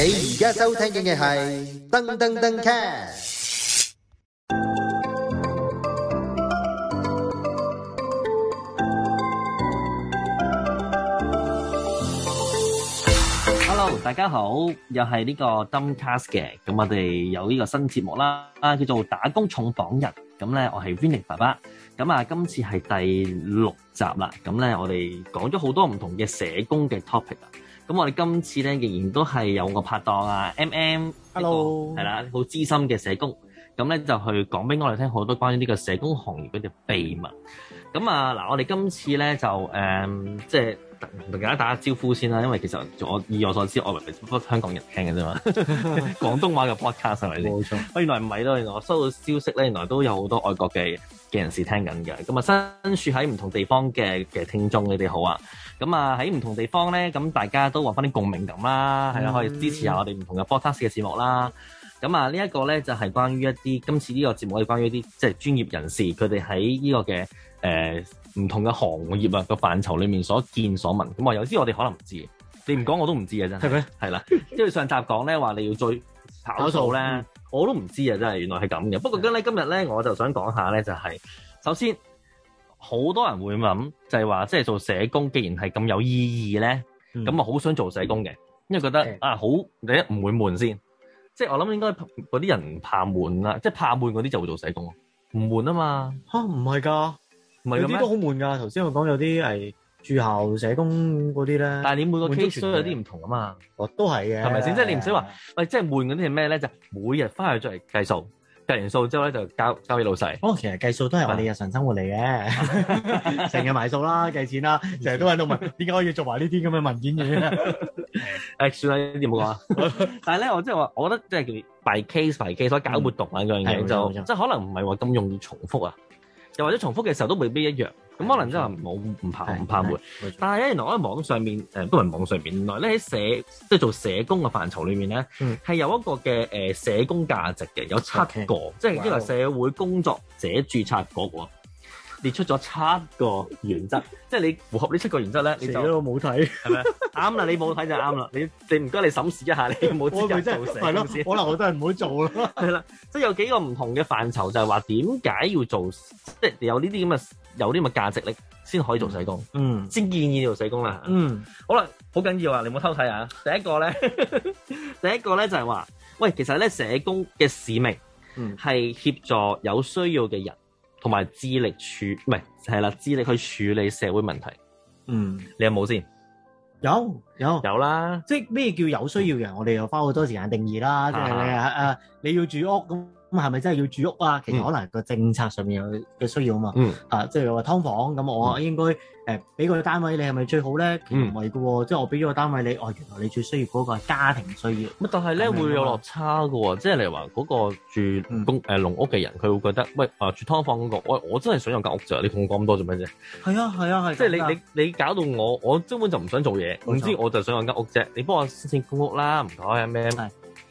你而家收聽嘅係噔噔噔 cast。Hello，大家好，又係呢個 dumb cast 嘅，咁我哋有呢個新節目啦，叫做打工重訪日。咁咧，我係 Winnie 爸爸，咁啊，今次係第六集啦。咁咧，我哋講咗好多唔同嘅社工嘅 topic 啊。咁我哋今次咧仍然都係有個拍檔啊，MM，Hello，係啦，好資深嘅社工，咁咧就去講俾我哋聽好多關於呢個社工行業嗰啲秘密。咁啊嗱，我哋今次咧就誒、嗯，即係同大家打下招呼先啦，因為其實我以我所知，我嚟唔係只不過香港人聽嘅啫嘛， 廣東話嘅 podcast 係咪先？冇錯，喂，原來唔係咯，原來我收到消息咧，原來都有好多外國嘅。嘅人士聽緊嘅，咁啊身處喺唔同地方嘅嘅聽眾你哋好啊，咁啊喺唔同地方咧，咁大家都話翻啲共鳴感啦，係、mm、啦 -hmm. 啊、可以支持下我哋唔同嘅 Podcast 嘅節目啦。咁啊、這個、呢一個咧就係、是、關於一啲今次呢個節目係關於一啲即係專業人士佢哋喺呢個嘅誒唔同嘅行業啊個範疇裡面所見所聞。咁啊有啲我哋可能唔知，你唔講我都唔知嘅。真係。係咪？係啦、啊，因 為上集講咧話你要再跑數咧。我都唔知啊，真係原來係咁嘅。不過咁咧，今日咧我就想講下咧、就係，就係首先好多人會諗，就係話即係做社工，既然係咁有意義咧，咁啊好想做社工嘅，因為覺得、嗯、啊好你唔會悶先。即係我諗應該嗰啲人怕悶啦，即係怕悶嗰啲就會做社工，唔悶啊嘛。吓唔係㗎，有啲都好悶㗎。頭先我講有啲係。住校社工嗰啲啦，但係你每個 case 都有啲唔同啊嘛。哦，都係嘅，係咪先？即係你唔使話，喂，即係悶啲係咩咧？就係、每日翻去再嚟計數，計完數之後咧就交交俾老細。哦，其實計數都係我哋日常生活嚟嘅，成日埋數啦，計錢啦，成日都喺度問，點 解可以做埋呢啲咁嘅文件嘅？誒， 算啦， 呢啲冇講。但係咧，我即係話，我覺得即係 by case by case 所以搞活動嗰樣嘢就，即係可能唔係話咁容易重複啊。又或者重複嘅時候都未必一樣，咁對可能真係冇唔怕唔對怕悶。對但係咧，原來我喺網上面，誒都係網上面。原來咧喺社，即、就、係、是、做社工嘅範疇裏面咧，係、嗯、有一個嘅誒社工價值嘅，有七個，對即係因為社會工作者註冊局。對哇列出咗七個原則， 即係你符合呢七個原則咧， 你就冇睇，係咪？啱啦，你冇睇就啱啦。你你唔該，你審視一下，你冇資格做社工我我做 對，即係係咯，可能我真係唔好做咯。係啦，即係有幾個唔同嘅範疇，就係話點解要做，即係有呢啲咁嘅有呢啲咁嘅價值力，先可以做社工，嗯，先建議做社工啦。嗯，好啦，好緊要啊！你冇偷睇啊！第一個咧， 第一個咧就係話，喂，其實咧社工嘅使命係協助有需要嘅人。嗯同埋資力處，唔係，係啦，資力去處理社會問題。嗯，你有冇先？有有有啦，即係咩叫有需要嘅人？我哋又花好多時間定義啦。即、嗯、係、就是、你啊啊，你要住屋咁。咁係咪真係要住屋啊？其實可能個政策上面有嘅需要啊嘛。嗯。啊，即係又話劏房咁，我應該誒俾個單位你係咪最好咧？嗯。唔係㗎喎，即係我俾咗個單位你，哦，原來你最需要嗰個係家庭需要。但係咧會有落差㗎喎，哦，即係例如話嗰個住公誒農屋嘅人，佢、嗯、會覺得，喂，啊住劏房嗰、那個，我我真係想有間屋啫，你同我講咁多做咩啫？係啊，係啊，係。即係你你你搞到我我根本就唔想做嘢，總之我就想有間屋啫，你幫我申請公屋啦，唔該啊，咩。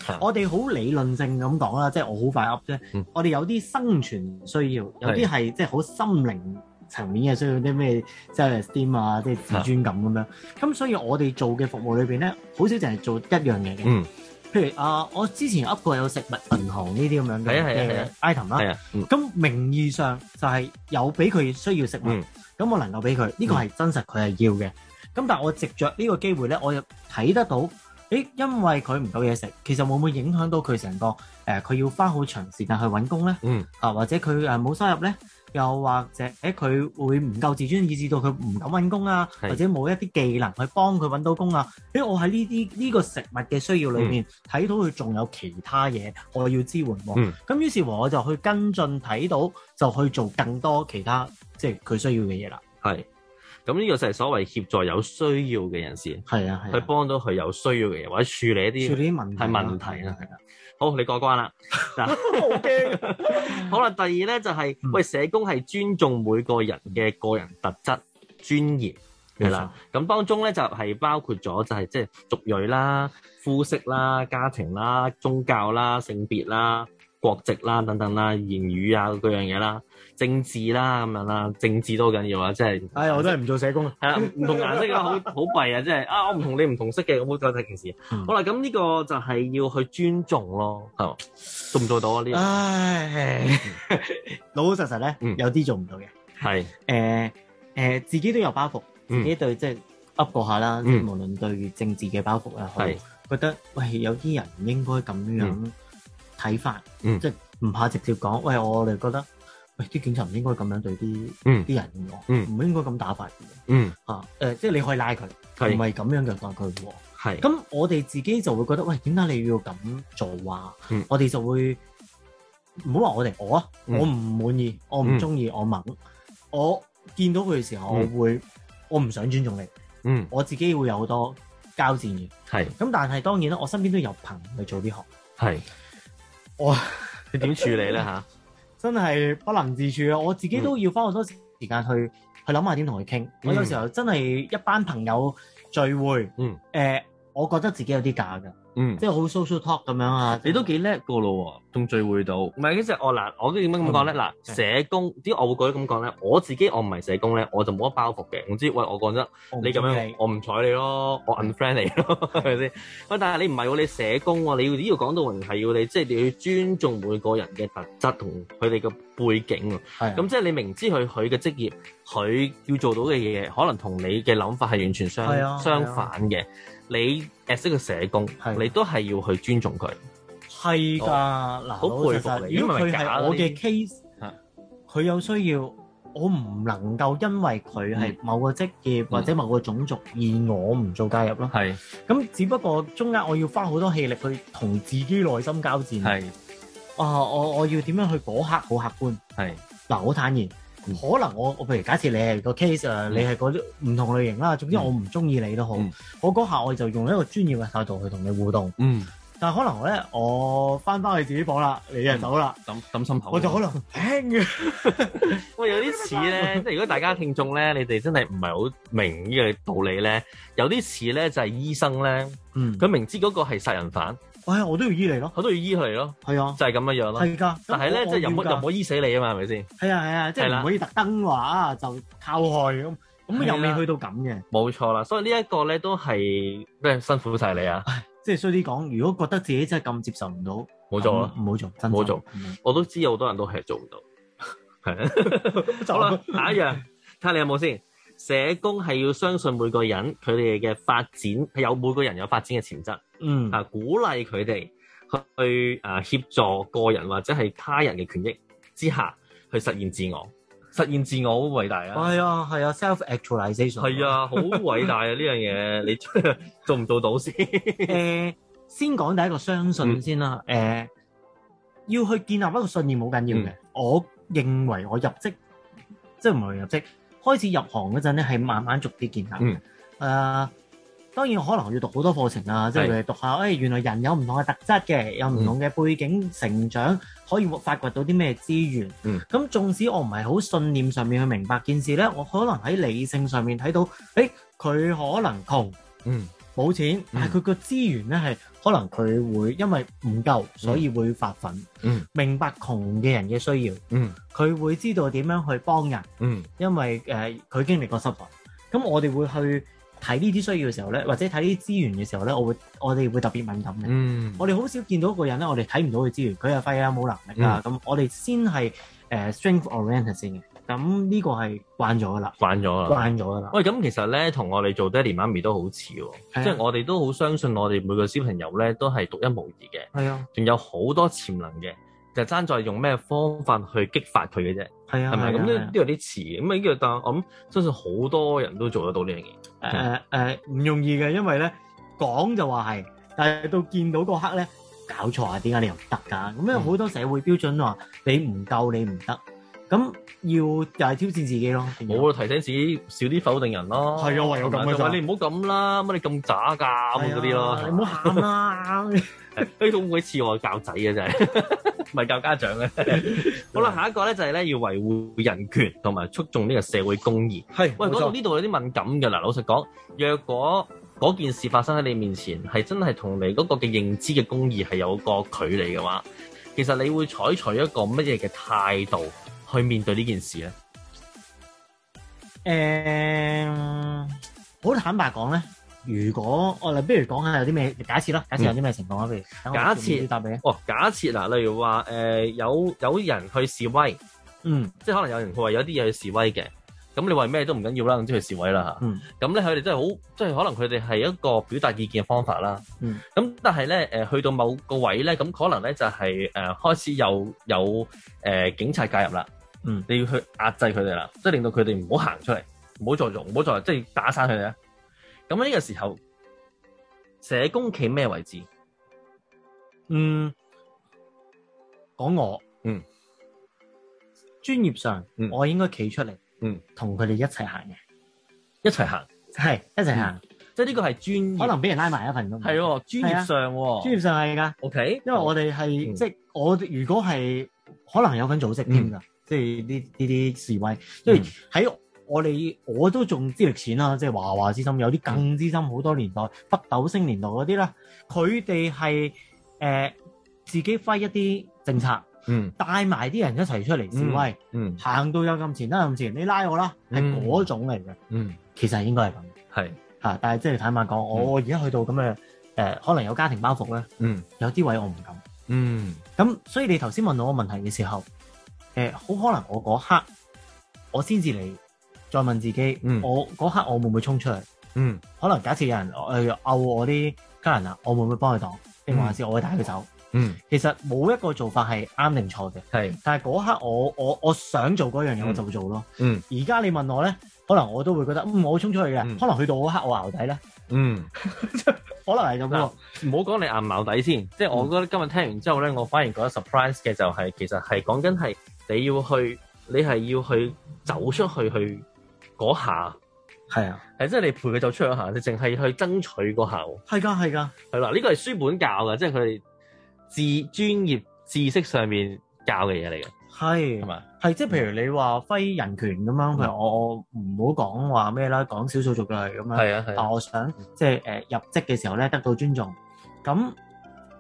嗯、我哋好理論性咁講啦，即、就、係、是、我好快 up 啫、嗯。我哋有啲生存需要，有啲係即係好心靈層面嘅需要，啲咩即係 self-esteem 啊，即係自尊感咁樣，咁，所以我哋做嘅服務裏面咧，好少淨係做一樣嘢嘅。嗯，譬如啊，我之前 up 過有食物銀行呢啲咁樣嘅 item 啦。係啊，咁、啊啊啊啊嗯、名義上就係有俾佢需要食物，咁、嗯、我能夠俾佢，呢、這個係真實佢係要嘅。咁、嗯、但我藉着呢個機會咧，我又睇得到。欸、因為佢唔夠嘢食，其實會唔會影響到佢成個誒，佢、呃、要花好長時間去揾工咧？嗯。啊，或者佢冇、呃、收入咧，又或者誒佢、欸、會唔夠自尊，以致到佢唔敢揾工啊，或者冇一啲技能去幫佢揾到工啊？因、欸、我喺呢啲呢個食物嘅需要裏面睇、嗯、到佢仲有其他嘢，我要支援喎、啊。咁、嗯、於是我就去跟進睇到，就去做更多其他即係佢需要嘅嘢啦。係。咁呢個就係所謂協助有需要嘅人士，係啊，啊，去幫到佢有需要嘅嘢，或者處理一啲處理啲問題啦、啊，係啊。好，你過關啦嗱， 好驚。好啦，第二咧就係、是，喂、嗯，社工係尊重每個人嘅個人特質、尊嚴啦。咁、啊、當中咧就係、是、包括咗就係即係族裔啦、膚色啦、家庭啦、宗教啦、性別啦。國籍啦、等等啦、言語啊嗰樣嘢啦、政治啦咁樣啦，政治都緊要啊！即、就、係、是，呀、哎、我真係唔做社工啊！係啊，唔同顏色啊，好好弊啊！即係、就是、啊，我唔同你唔同色嘅，好再睇件事。嗯、好啦，咁呢個就係要去尊重咯，係喎，做唔做到啊？呢樣？唉，老 老實實咧、嗯，有啲做唔到嘅。係，誒、呃呃、自己都有包袱，自己對、嗯、即係噏過下啦。嗯、即無論對政治嘅包袱啊，好，覺得喂，有啲人唔應該咁樣。嗯睇法，嗯，即係唔怕直接講，喂，我哋覺得，喂，啲警察唔應該咁樣對啲啲人喎，唔應該咁打法。嗯，吓、嗯，誒、嗯啊呃，即係你可以拉佢，唔係咁樣嘅講佢，係，咁我哋自己就會覺得，喂，點解你要咁做啊？嗯、我哋就會唔好話我哋，我啊，我唔滿意，我唔中意，我猛，我見到佢嘅時候、嗯，我會，我唔想尊重你，嗯，我自己會有好多交戰嘅，係，咁但係當然啦，我身邊都有朋去做呢行，係。哇！ 你點處理呢？嚇？ 真係不能自處啊！我自己都要花好多時間去去諗下點同佢傾。我有時候真係一班朋友聚會，嗯，誒，我覺得自己有啲假㗎。嗯，即係好 social talk 咁樣啊！你都幾叻個咯喎，仲聚會到。唔係，其實我嗱，我都點樣咁講咧？嗱、嗯，社工點解我會覺得咁講咧？我自己我唔係社工咧，我就冇乜包袱嘅。總之喂，我講真，你咁樣，我唔睬你咯，我 unfriend 你咯，係咪先？喂，但係你唔係喎，你社工喎，你要呢個講到，係要你即係你要尊重每個人嘅特質同佢哋嘅背景。咁即係你明知佢佢嘅職業，佢要做到嘅嘢，可能同你嘅諗法係完全相、啊、相反嘅。你誒識個社工，是你都係要去尊重佢，係㗎。嗱、哦，好佩服，如果佢係我嘅 case，佢有需要，我唔能夠因為佢係某個職業或者某個種族而我唔做介入咯。係，咁只不過中間我要花好多氣力去同自己內心交戰。係，啊、呃，我我要點樣去嗰刻好客觀？係，嗱、呃，好坦然。可能我我譬如，假設你係個 case 啊，你係嗰啲唔同類型啦。嗯、總之我唔中意你都好，嗯、我嗰下我就用一個專業嘅態度去同你互動。嗯，但係可能咧，我翻翻去自己房啦，你一人走啦，咁、嗯、咁心口、啊，我就可能輕。啊、 喂，有啲似咧，即 係如果大家聽眾咧，你哋真係唔係好明呢個道理咧，有啲似咧就係、是、醫生咧，佢明知嗰個係殺人犯。喂、哎，我都要醫你咯，我都要醫佢嚟咯，係啊，就係咁樣樣咯，係㗎。但係咧，即係又唔又醫死你啊嘛，係咪先？係啊係啊，即係唔可以特登話就靠害咁，咁又未去到咁嘅。冇錯啦，所以呢一個咧都係咩辛苦晒你啊！即係衰啲講，如果覺得自己真係咁接受唔到，冇做咯，冇做，冇做，我都知有好多人都係做唔到，係 啦， 啦，下一樣睇下你有冇先。社工係要相信每個人佢哋嘅發展，係有每個人有發展嘅潛質。嗯，啊鼓勵佢哋去、啊、協協助個人或者係他人嘅權益之下，去實現自我，實現自我好偉大啊！係啊係啊，self actualization 係啊，好偉、啊啊啊、大啊！呢樣嘢你做唔做到先？誒、 呃，先講第一個相信先啦。誒、嗯呃，要去建立一個信念，好緊要嘅，我認為我入職即係唔係入職。開始入行嗰陣咧，係慢慢逐啲建立。嘅、嗯。誒、呃，當然可能要讀好多課程啊，即係譬如讀一下，誒、哎、原來人有唔同嘅特質嘅，有唔同嘅背景、嗯、成長，可以發掘到啲咩資源。咁、嗯、縱使我唔係好信念上面去明白件事咧，我可能喺理性上面睇到，誒、哎、佢可能窮。嗯。冇錢，但佢個資源咧係可能佢會因為唔夠，所以會發奮、嗯嗯。明白窮嘅人嘅需要，佢、嗯、會知道點樣去幫人、嗯。因為佢、呃、經歷過失敗，咁我哋會去睇呢啲需要嘅時候咧，或者睇呢啲資源嘅時候咧，我會我哋會特別敏感嘅、嗯。我哋好少見到一個人咧，我哋睇唔到佢資源，佢又費啊冇能力㗎。咁、嗯、我哋先係、呃、strength oriented 先嘅。咁呢個係慣咗㗎啦，慣咗啦，喇。慣咗啦。喂，咁其實咧，同我哋做爹哋媽咪都好似喎，即係、啊就是、我哋都好相信我哋每個小朋友咧都係獨一無二嘅，啊，仲有好多潛能嘅，就爭在用咩方法去激發佢嘅啫，係啊，係咪？咁呢呢有啲詞，咁啊呢個但我諗相信好多人都做得到呢樣嘢。誒、呃、誒，唔、呃呃、容易嘅，因為咧講就話係，但係到見到嗰刻咧搞錯啊！點解你又唔得㗎？咁因為好多社會標準話、嗯、你唔夠你唔得。咁要又係挑戰自己咯，冇提醒自己少啲否定人咯。係啊，唯有咁嘅，你唔好咁啦，乜、啊、你咁渣噶咁嗰啲咯。你唔好喊啦。呢唔會似我教仔嘅，真係唔係教家長嘅。 好啦，下一個咧就係、是、咧要維護人權同埋促進呢個社會公義係，喂，講到呢度有啲敏感嘅啦。老實講，若果嗰件事發生喺你面前，係真係同你嗰個嘅認知嘅公義係有個距離嘅話，其實你會採取一個乜嘢嘅態度？去面對呢件事咧，好、呃、坦白講咧，如果我哋不如講下有啲咩假設啦，假設有啲咩情況啊？譬、嗯、如假設答你哦，假設嗱，例如話、呃、有有人去示威，嗯，即係可能有人佢話有啲嘢去示威嘅，咁你話咩都唔緊要啦，總之去示威啦嚇，咁咧佢哋真係好，即係可能佢哋係一個表達意見嘅方法啦，咁、嗯、但係咧去到某個位咧，咁可能咧就係誒開始有有、呃、警察介入啦。嗯，你要去壓制佢哋啦，即係令到佢哋唔好行出嚟，唔好再做，唔好再即係打散佢哋啊。咁呢個時候，社工企咩位置？嗯，講我，嗯，專業上，嗯，我應該企出嚟，嗯，同佢哋一齊行嘅，一齊行，係一齊行，即係呢個係專業，可能俾人拉埋一份都係專業上，專業上係噶，OK。因為我哋係、嗯、即係我如果係可能有份組織添、嗯、噶。即係呢呢啲示威，即係喺我哋，我都仲知力淺啦，即係華華之心，有啲更資深，好、嗯、多年代，北斗星年代嗰啲啦，佢哋係誒自己揮一啲政策，嗯、帶埋啲人一齊出嚟示威，行、嗯嗯、到有咁前啦，咁前你拉我啦，係、嗯、嗰種嚟嘅。嗯，其實應該係咁，係嚇，但係即係坦白講、嗯，我而家去到咁嘅誒，可能有家庭包袱咧、嗯，有啲位我唔敢。嗯，咁所以你頭先問到我問題嘅時候。誒、欸，好可能我嗰刻，我先至嚟再問自己，嗯、我嗰刻我會唔會衝出去？嗯，可能假設有人誒、呃、毆我啲家人啊，我會唔會幫佢擋？定、嗯、還是我會帶佢走？嗯，其實冇一個做法係啱定錯嘅。係，但係嗰刻我我我想做嗰樣嘢，我就做咯。嗯，而家你問我咧，可能我都會覺得，嗯，我衝出去嘅、嗯，可能去到嗰刻我淆底咧。嗯， 可能係咁咯。唔好講你硬唔淆底先，即係我覺得今日聽完之後咧，我反而覺得 surprise 嘅就係、是，其實係講緊係。你要去，你係要去走出去去嗰下，係啊，係即係你陪佢走出嗰下，你淨係去爭取嗰下。係㗎，係㗎。係啦，呢個係書本教嘅，即係佢哋自專業知識上面教嘅嘢嚟嘅。係係嘛？係即係譬如你話揮人權咁樣，譬如我唔好講話咩啦，講少數族裔咁樣。係啊係啊。但我想即係誒入職嘅時候咧，得到尊重，咁。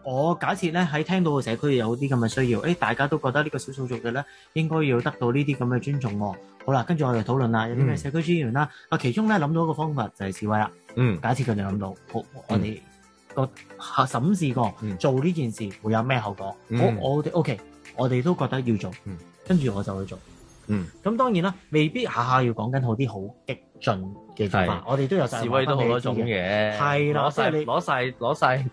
我假設咧喺聽到個社區有啲咁嘅需要，誒、欸、大家都覺得呢個少數族裔咧應該要得到呢啲咁嘅尊重喎、啊。好啦，跟住我哋討論啦，有啲咩社區資源啦、啊。啊、嗯，其中咧諗到一個方法就係、是、示威啦。嗯，假設佢哋諗到，好，我哋個、嗯、審視過、嗯、做呢件事會有咩後果？好，我哋 O K，我哋都覺得要做，跟、嗯、住我就去做。嗯，咁當然啦，未必下下要講緊好啲好激進。其實，我哋都有示威都好多種嘅，係啦，即係你攞晒，攞曬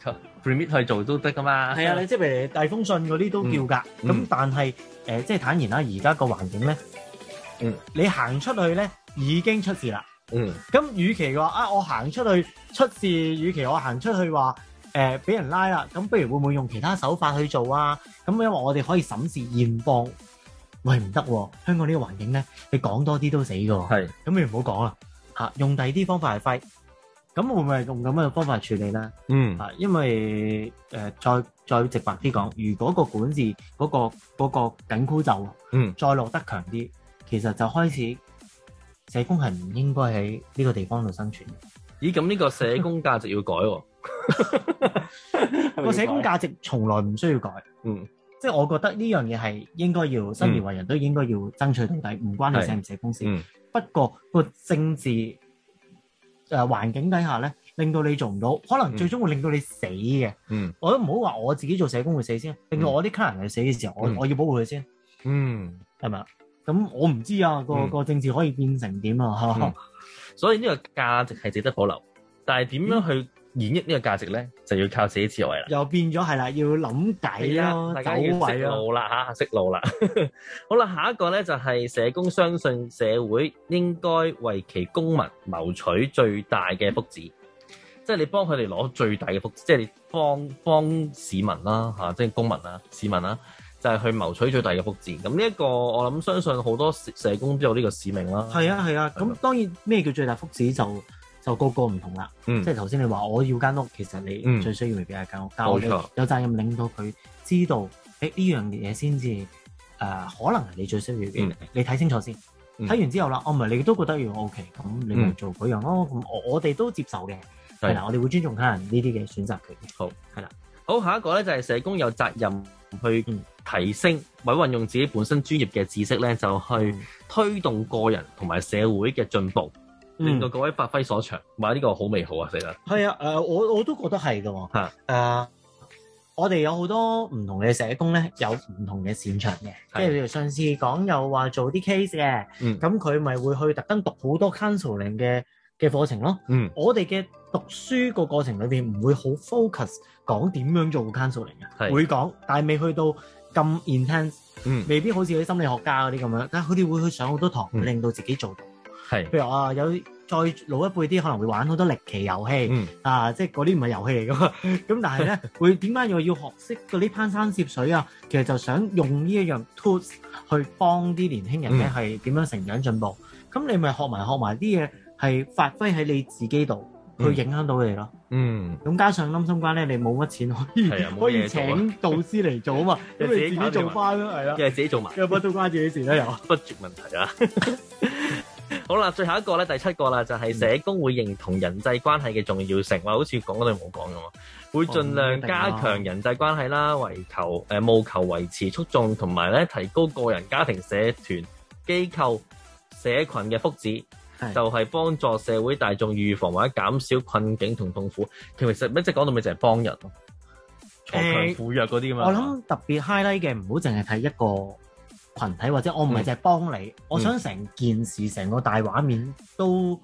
permit 去做都得噶嘛。係啊，你即係譬如遞封信嗰啲都叫㗎。咁但係誒，即係坦然啦，而家個環境咧，嗯，你行出去咧已經出事啦。嗯，咁與其嘅話啊，我行出去出事，與其我行出去話誒俾人拉啦，咁不如會唔會用其他手法去做啊？咁因為我哋可以審視現況。喂，唔得喎，香港呢個環境咧，你講多啲都死㗎。係，咁你唔好講啦。吓、用第二啲方法嚟揮，咁會唔會用咁樣嘅方法嚟處理咧？嗯，啊、因為、呃、再再直白啲講，如果個管治嗰、嗰個嗰、嗰個、緊箍咒，嗯，再落得強啲、嗯，其實就開始社工係唔應該喺呢個地方度生存咦？咁呢個社工價值要改喎、啊？個 社工價值從來唔需要改。嗯。即係我覺得呢樣嘢係應該要生而為人都應該要爭取到底，唔、嗯、關你寫唔寫公司。嗯、不過個政治誒、呃、環境底下咧，令到你做唔到，可能最終會令到你死嘅、嗯。我都唔好話我自己做社工會死先、嗯，令到我啲卡人去死嘅時候，我我要保護佢先。嗯，係咪、嗯、啊？咁我唔知啊，個個政治可以變成點啊？嗯、 所以呢個價值係值得保留，但係點樣去、嗯？演繹呢個價值咧，就要靠自己智慧啦。又變咗係啦，要諗計咯，大家識路啦，吓識、啊啊、路啦。 好啦，下一個咧就係、是、社工相信社會應該為其公民謀取最大嘅福祉，即、就、係、是、你幫佢哋攞最大嘅福祉，即係幫幫市民啦、啊，吓即係公民啊，市民啦、啊、就係、是、去謀取最大嘅福祉。咁呢一個我諗相信好多社社工都有呢個使命啦。係啊係啊，咁、啊啊啊、當然咩叫最大福祉就，就個個唔同啦、嗯，即係頭先你話我要間屋，其實你最需要未必係間屋，教有責任令到佢知道，誒、欸、呢樣嘢先至誒可能係你最需要嘅、嗯，你睇清楚先。睇、嗯、完之後啦，我唔係你都覺得要 OK，咁你咪做嗰樣咯。咁、嗯、我我哋都接受嘅，係啦，我哋會尊重他人呢啲嘅選擇權。好係啦，好下一個咧就係、是、社工有責任去提升，咪、嗯、運用自己本身專業嘅知識咧，就去推動個人同埋社會嘅進步。嗯、令到各位發揮所長，哇！呢個好美好啊，其實。係啊，呃、我我都覺得係㗎喎。我哋有好多唔同嘅社工咧，有唔同嘅擅長嘅。即係譬如上次講又話做啲 case 嘅，嗯。咁佢咪會去特登讀好多 counseling 嘅嘅課程咯。嗯。我哋嘅讀書個過程裏面唔會好 focus 講點樣做 counseling 嘅，係、嗯。會講，但係未去到咁 intense，嗯。未必好似啲心理學家嗰啲咁樣，嗯、但佢哋似會去上好多堂、嗯，令到自己做到。係譬如啊，有再老一輩啲可能會玩好多歷奇遊戲，嗯、啊，即嗰啲唔係遊戲嚟噶嘛。咁 但係咧，會點解又要學識嗰啲攀山涉水啊？其實就想用呢一樣 tools 去幫啲年輕人咧，係點樣成長進步。咁、嗯嗯、你咪學埋學埋啲嘢，係發揮喺你自己度、嗯、去影響到你咯。嗯。咁加上諗心關咧，你冇乜錢可以、啊、可以請導師嚟做啊嘛。咁 自己做翻咯，係啦。又自己做埋。又乜都關自己事啦，有 ，budget 問題啦，啊。 好啦，最後一個咧，第七個啦，就係社工會認同人際關係嘅重要性，話好似講都冇講咁啊，會盡量加強人際關係啦，為求誒務求維持、促進同埋咧提高個人、家庭、社團機構、社羣嘅福祉，就係幫助社會大眾預防或者減少困境同痛苦。其實咩即講到咪就係幫人，鋤強扶弱嗰啲嘛。我諗特別 highlight 嘅，唔好淨係睇一個。群體或者我唔係淨係幫你，嗯、我想成件事成、嗯、個大畫面都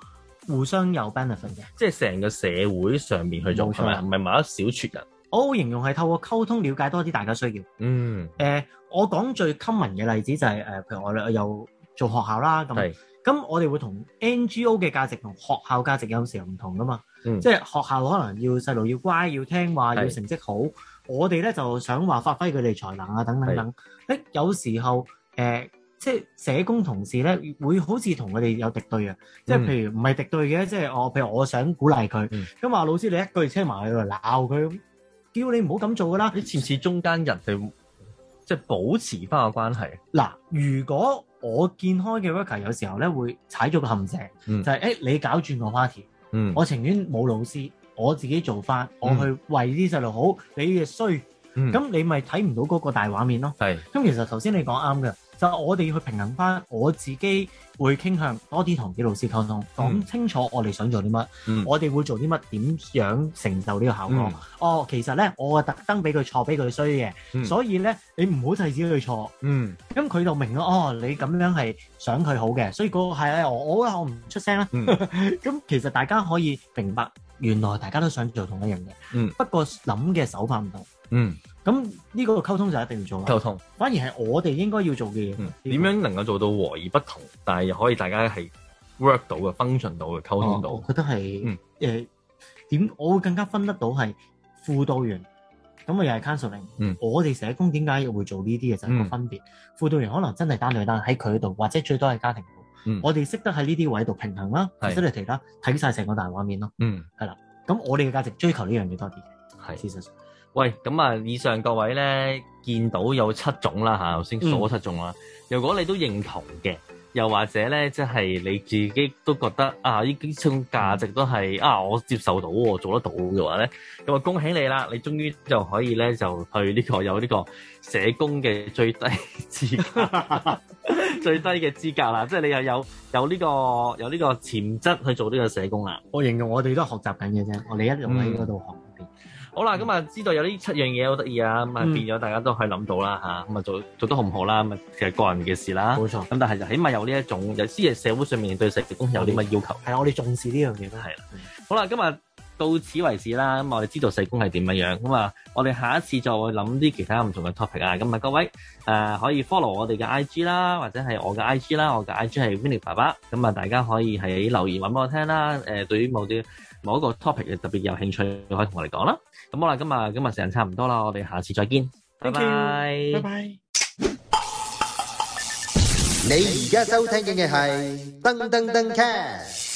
互相有 benefit 嘅。即係成個社會上面去做出唔係某一小撮人。我會形容係透過溝通了解多啲大家需要。嗯。呃、我講最 common 嘅例子就係、是呃、譬如我哋又做學校啦咁。咁我哋會同 NGO 嘅價值同學校價值有時候唔同噶嘛。嗯、即係學校可能要細路要乖，要聽話，要成績好，我哋呢就想話發揮佢哋才能啊等，等等等。欸、有時候。誒，即係社工同事咧，會好似同佢哋有敵對嘅，即係譬如唔係敵對嘅，即係我、哦、譬如我想鼓勵佢，咁、嗯、話老師你一句車埋去，鬧佢，叫你唔好咁做噶啦，你似唔似中間人哋即係保持翻個關係？嗱，如果我見開嘅 worker、呃、有時候咧會踩咗個陷阱，嗯、就係、誒、你搞轉個 party，嗯、我情願冇老師，我自己做翻，我去為啲細路好，你嘅衰，咁、嗯嗯、你咪睇唔到嗰個大畫面咯。係，咁其實頭先你講啱嘅。就我哋去平衡翻，我自己會傾向多啲同啲老師溝通，講、嗯、清楚我哋想做啲乜、嗯，我哋會做啲乜，點樣成就呢個效果、嗯。哦，其實咧，我特登俾佢錯，俾佢衰嘅。所以咧，你唔好制止佢錯。嗯。咁佢就明咯，哦，你咁樣係想佢好嘅，所以個係啊，我我我唔出聲啦。咁、嗯、 其實大家可以明白，原來大家都想做同一樣嘢。嗯。不過諗嘅手法唔同。嗯。咁呢個溝通就一定要做啦。溝通反而係我哋應該要做嘅嘢。點、嗯這個、樣能夠做到和而不同，但係又可以大家係 work 到嘅 function 到嘅、哦、溝通到？我覺得係誒點，我會更加分得到係輔導員，咁啊又係 counseling、嗯、我哋社工點解會做呢啲嘢？就係、是、個分別、嗯。輔導員可能真係單對單喺佢度，或者最多係家庭度、嗯。我哋識得喺呢啲位度平衡啦 consistency 啦，睇晒成個大畫面咯。係、嗯、啦，咁我哋嘅價值追求呢樣嘢多啲嘅。係事實上。喂，咁啊，以上各位咧，見到有七種啦嚇，頭先數咗七種啦、嗯。如果你都認同嘅，又或者咧，即係你自己都覺得啊，呢幾種價值都係啊，我接受到喎，做得到嘅話咧，咁啊，恭喜你啦！你終於就可以咧，就去呢個有呢個社工嘅最低資格， 最低嘅資格啦。即係你又有有呢個有呢個潛質去做呢個社工啦。我形容我哋都學習緊嘅啫，我哋一直喺嗰度學。嗯。好啦，咁、嗯、啊，知道有呢七樣嘢好得意啊，咁啊變咗大家都可以諗到啦吓，咁、嗯、啊做做得好唔好啦，咁啊其實個人嘅事啦，冇錯。咁但係就起碼有呢一種，有雖然社會上面對社工有啲乜要求，係、嗯、我哋重視呢樣嘢都係啦。好啦，今日到此為止啦，咁 我哋知道社工係點樣樣，咁啊，我哋下一次就會諗啲其他唔同嘅 topic 啊，咁啊，各位誒、呃、可以 follow 我哋嘅 IG 啦，或者係我嘅 IG 啦，我嘅 IG 係 Vinny 爸爸，咁啊，大家可以係留言話畀我聽啦，誒、呃，對於某啲。某一個 topic 你特別有興趣，你可以同我哋講啦。咁好啦，今日今日時間差唔多啦，我哋下次再見，拜拜，拜拜。你而家收聽緊嘅係噔噔噔 cast。